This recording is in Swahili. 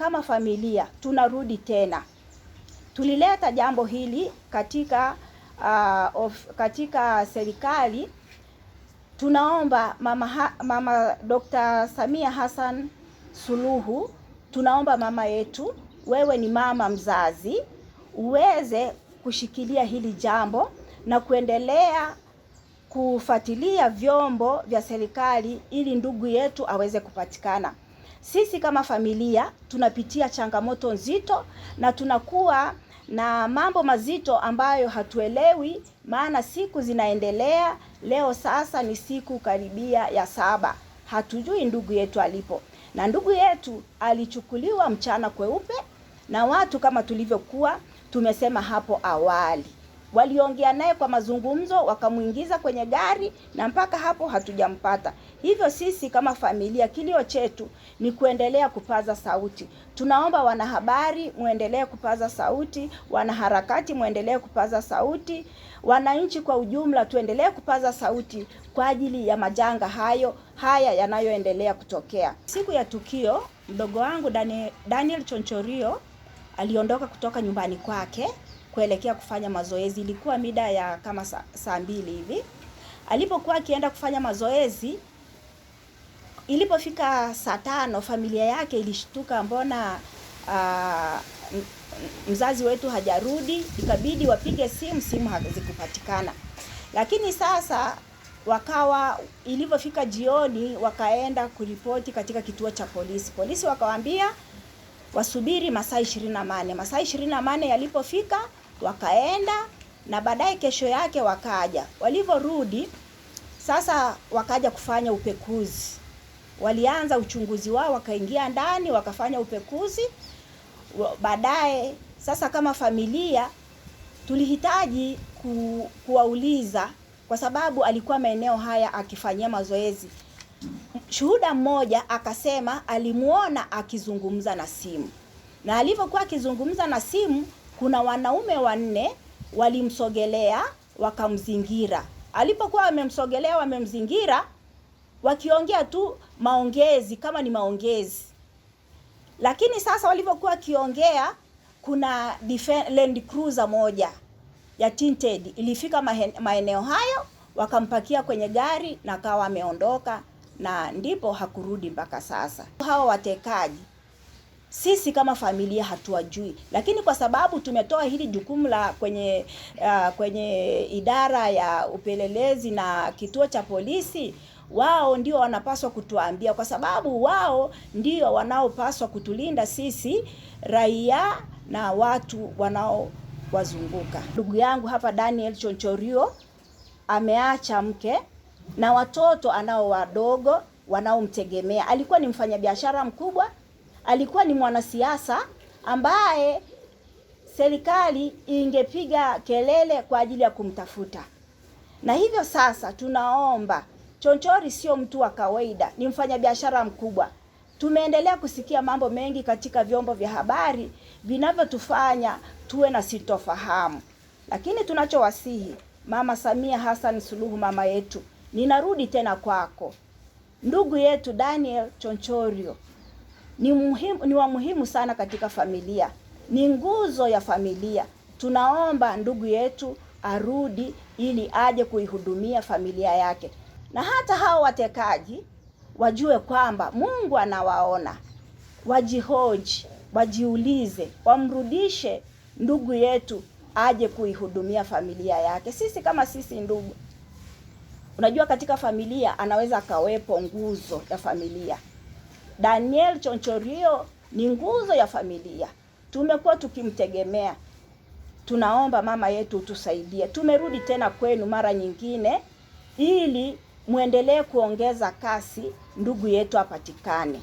kama familia tunarudi tena. Tulileta jambo hili katika uh, of, katika serikali. Tunaomba mama, ha, mama Dr. Samia Hassan Suluhu, tunaomba mama yetu, wewe ni mama mzazi, uweze kushikilia hili jambo na kuendelea kufuatilia vyombo vya serikali ili ndugu yetu aweze kupatikana. Sisi kama familia tunapitia changamoto nzito na tunakuwa na mambo mazito ambayo hatuelewi, maana siku zinaendelea. Leo sasa ni siku karibia ya saba, hatujui ndugu yetu alipo, na ndugu yetu alichukuliwa mchana kweupe na watu kama tulivyokuwa tumesema hapo awali. Waliongea naye kwa mazungumzo, wakamwingiza kwenye gari na mpaka hapo hatujampata. Hivyo sisi kama familia, kilio chetu ni kuendelea kupaza sauti. Tunaomba wanahabari muendelee kupaza sauti, wanaharakati muendelee kupaza sauti, wananchi kwa ujumla tuendelee kupaza sauti kwa ajili ya majanga hayo haya yanayoendelea kutokea. Siku ya tukio, mdogo wangu Daniel Chonchorio aliondoka kutoka nyumbani kwake kuelekea kufanya mazoezi. Ilikuwa mida ya kama saa, saa mbili hivi. Alipokuwa akienda kufanya mazoezi, ilipofika saa tano familia yake ilishtuka, mbona uh, mzazi wetu hajarudi. Ikabidi wapige simu, simu hazikupatikana. Lakini sasa wakawa, ilivyofika jioni, wakaenda kuripoti katika kituo cha polisi. Polisi wakawaambia wasubiri masaa ishirini na nane. Masaa ishirini na nane yalipofika wakaenda na baadaye kesho yake wakaja. Walivyorudi sasa, wakaja kufanya upekuzi, walianza uchunguzi wao, wakaingia ndani wakafanya upekuzi. Baadaye sasa, kama familia tulihitaji ku, kuwauliza kwa sababu alikuwa maeneo haya akifanyia mazoezi. Shuhuda mmoja akasema alimuona akizungumza na simu, na alivyokuwa akizungumza na simu kuna wanaume wanne walimsogelea wakamzingira. Alipokuwa wamemsogelea wamemzingira, wakiongea tu maongezi kama ni maongezi, lakini sasa walivyokuwa wakiongea, kuna Land Cruiser moja ya tinted ilifika maeneo hayo, wakampakia kwenye gari na akawa ameondoka, na ndipo hakurudi mpaka sasa. Hao watekaji sisi kama familia hatuwajui, lakini kwa sababu tumetoa hili jukumu la kwenye uh, kwenye idara ya upelelezi na kituo cha polisi, wao ndio wanapaswa kutuambia, kwa sababu wao ndio wanaopaswa kutulinda sisi raia na watu wanaowazunguka. Ndugu yangu hapa Daniel Chonchorio ameacha mke na watoto anao wadogo wanaomtegemea. Alikuwa ni mfanyabiashara mkubwa alikuwa ni mwanasiasa ambaye serikali ingepiga kelele kwa ajili ya kumtafuta. Na hivyo sasa tunaomba, Chonchori sio mtu wa kawaida, ni mfanyabiashara mkubwa. Tumeendelea kusikia mambo mengi katika vyombo vya habari vinavyotufanya tuwe na sitofahamu, lakini tunachowasihi Mama Samia Hassan Suluhu, mama yetu, ninarudi tena kwako, ndugu yetu Daniel Chonchorio ni muhimu, ni wa muhimu sana katika familia, ni nguzo ya familia. Tunaomba ndugu yetu arudi ili aje kuihudumia familia yake, na hata hao watekaji wajue kwamba Mungu anawaona, wajihoji, wajiulize, wamrudishe ndugu yetu aje kuihudumia familia yake. Sisi kama sisi ndugu, unajua katika familia anaweza akawepo nguzo ya familia Daniel Chonchorio ni nguzo ya familia, tumekuwa tukimtegemea. Tunaomba mama yetu utusaidie, tumerudi tena kwenu mara nyingine, ili mwendelee kuongeza kasi, ndugu yetu apatikane.